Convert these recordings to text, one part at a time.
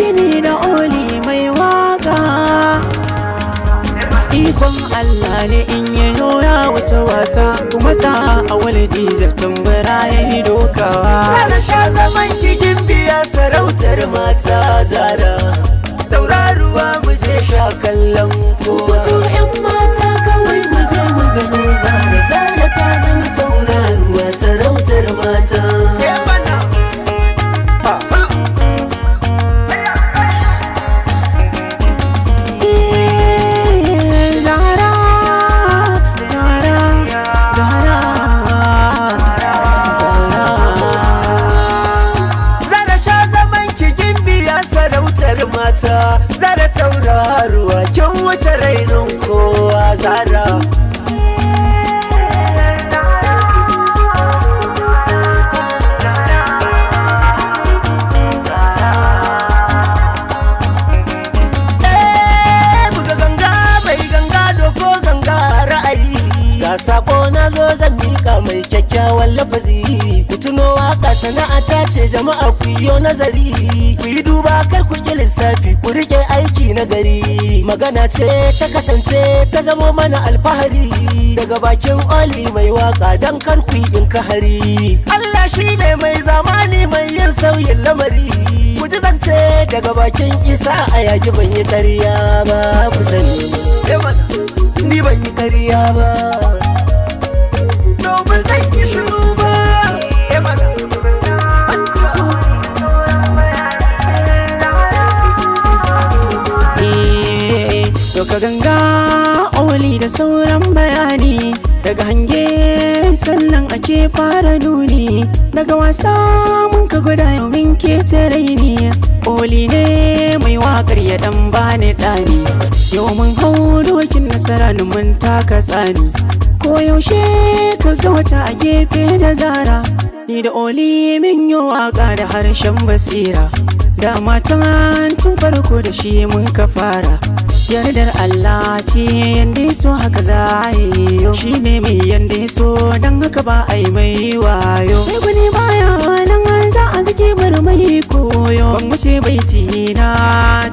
gini na oli mai waka ikon Allah ne in ya ya wuce wasa kuma sa a wale zartan tambara ya yi dokawa sha zaman cikin biya sarautar mata zara asara eh, Sako na zo zan miƙa mai kyakkyawan lafazi ku tuno waka sana'a ta ce jama'a ku yi nazari ku yi duba kar ku ki lissafi ku riƙe aiki nagari magana ce ta kasance ta zamo mana alfahari daga bakin oli mai waka don karku in kahari Allah shine mai zamani mai yin sauyin lamari ku ji zance daga bakin isa a yaki ban yi karya ba ku sani ni ban yi karya ba Ka ganga oli da sauran bayani Daga hange sannan ake fara nuni Daga wasa mun ka guda yau min ke raini Oli ne mai wakar ya dan bani dani Yau mun hau dokin nasara numun taka tsani Koyaushe yaushe ka ga wata a gefe da zara Ni da oli min yi waƙa da harshen basira Da matan tun farko da shi mun ka fara Yardar Allah ce yanda so haka za a yi yo Shi ne mai yanda so don haka ba a yi mai wayo Sai ku ne baya nan za a ga kebar mai koyo Ban wuce bai na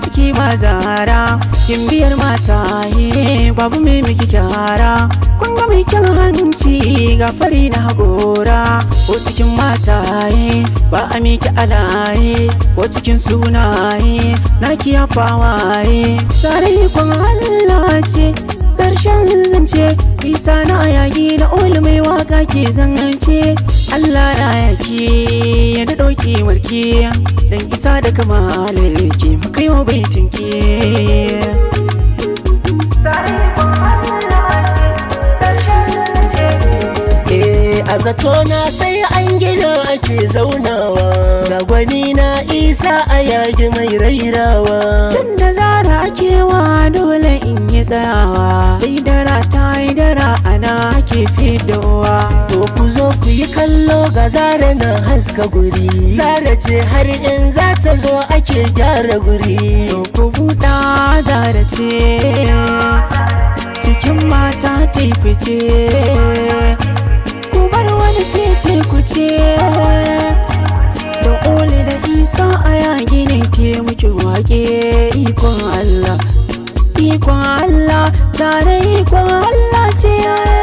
ciki ba zara Kin biyar mata wallahi babu mai miki kyara kun ga mai kyan hanci ga fari na hagora ko cikin mataye ba a miki alaye ko cikin sunaye na kiya fawaye tare kun Allah ce karshen zance bisa na yayi na ulu mai waka ke zance Allah ya yaki ya da ɗauki warki dan isa da kamalar ke baitin ki. Eh, a zatona sai an gina ake zaunawa ga gwani na isa a yagi mai rairawa tsayawa sai dara ta yi dara ana ake fidowa to ku zo ku yi kallo ga zara na haska guri zara ce har in za ta zo ake gyara guri to ku buɗa zara ce cikin mata ta fice ku bar wani cece ku ce da ole da isa a yaƙi ne ke muke wake ikon Allah kwa Allah tare kwa Allah ce